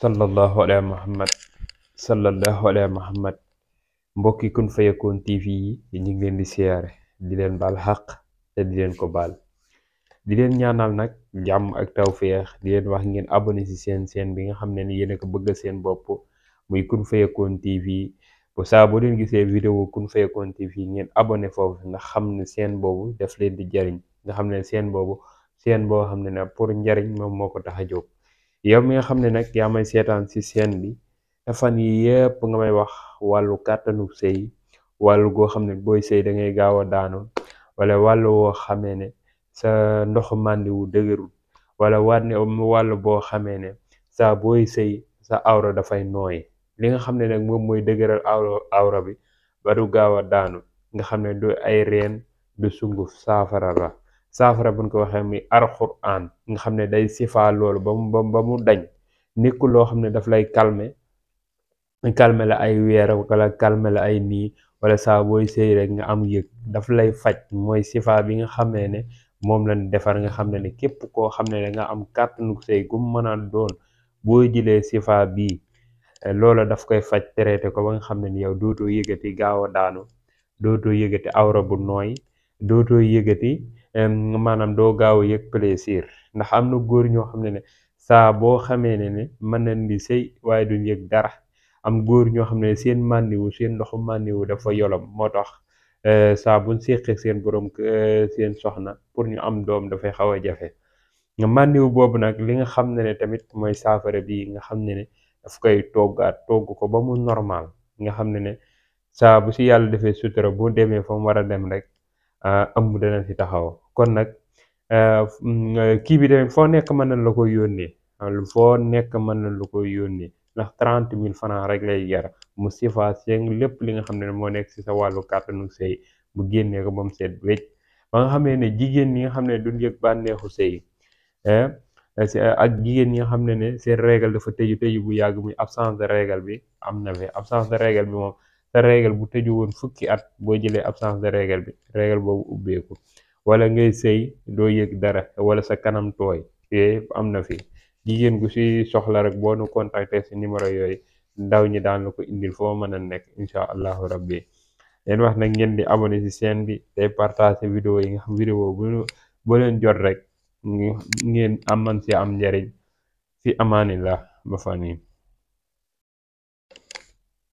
sallallahu ala muhammad sallallahu ala muhammad mbokki Kun Fayakoun TV yi ñu ngi leen di siyaare di leen baal xaq te di leen ko baal di leen ñaanal nag jàmm ak tawféex di leen wax ngeen abone ci seen seen bi nga xam ne ni yéen a ko bëgg seen bopp muy Kun Fayakoun TV bu saa boo leen gisee vidéo Kun Fayakoun TV ngeen abonné foofu nga xam ne seen boobu def leen di jariñ nga xam ne seen boobu seen boo xam ne na pour njariñ moom moo ko tax a jóg yow mi nga xam ne nag yaa may seetaan ci seen bi te fan yi yëpp nga may wax wàllu kàttanu sëy wàllu goo xam ne booy sëy da ngay gaaw a daanu walla wàllu woo xamee ne sa ndoxu màndi wu dëgërul wala war ne boo xamee ne saa booy sëy sa awra dafay nooy li nga xam ne nag moom mooy dëgëral awra awra bi ba du gaaw a daanu nga xam ne du ay reen du sunguf saafara la saafara buñ ko waxee muy alxuraan nga xam ne day sifaa loolu ba mu dañ nekkul loo xam ne daf lay calmer calmer la ay weer wala calmer la ay nii wala saa booy rek nga am yëg daf lay faj mooy sifaa bi nga xamee ne moom lañ defar nga xam ne ne képp koo xam ne da nga am kàttanu sëy gu mën a doon boo jilee sifaa bi eh, loola daf koy faj traité ko ba nga xam ne ni yow dootoo yëgati gaaw a daanu dootoo yëgati awra bu nooy dootoo yëgati maanaam doo gaaw a yëg plaisir ndax am na góor ñoo xam ne ne saa boo xamee ne ne mën na di sëy waaye duñ yëg dara am góor ñoo xam ne seen màndiwu seen ndoxu màndiwu dafa yolom moo tax e, saa buñ séqee seen borom e, seen soxna pour ñu am doom dafay xaw a jafe nga màndiwu boobu nag li nga xam ne ne tamit mooy saafara bi nga xam ne ne daf koy toggaat togg ko ba mu normal nga xam ne ne saa bu si yàlla defee sutura bu demee fa mu war a dem rek Ah, am dana si taxaw kon nag ah, mm, kii bi tamit foo nekk mën nañ la koy yónnee ah, foo nekk mën nañ la koy yónnee ndax trente mille francs rek lay jar mu fa seng lépp li nga xam ne moo nekk si sa wàllu kàttanu sëy bu génnee ko ba mu seet wécc ba nga xam ne jigéen ñi nga xam ne duñ yëg bànneexu sëy ak jigéen ñi nga xam ne ne seen règle dafa tëju tëju bu yàgg muy absence de régle bi am na bi absence de règle bi moom sa règle bu tëju woon fukki at boo jëlee absence de règle bi règle boobu ubbeeku wala ngay sëy doo yëg dara wala sa kanam tooy yooyu am na fi jigéen gu si soxla rek boo nu contacter si numéro yooyu ndaw ñi daan la ko indil foo mën a nekk incha allahu rabbi leen wax nag ngeen di abonné si chaîne bi tey partager vidéo yi nga xam vidéo bu boo leen jot rek ngeen aman si am njariñ fi amaanillah ba fan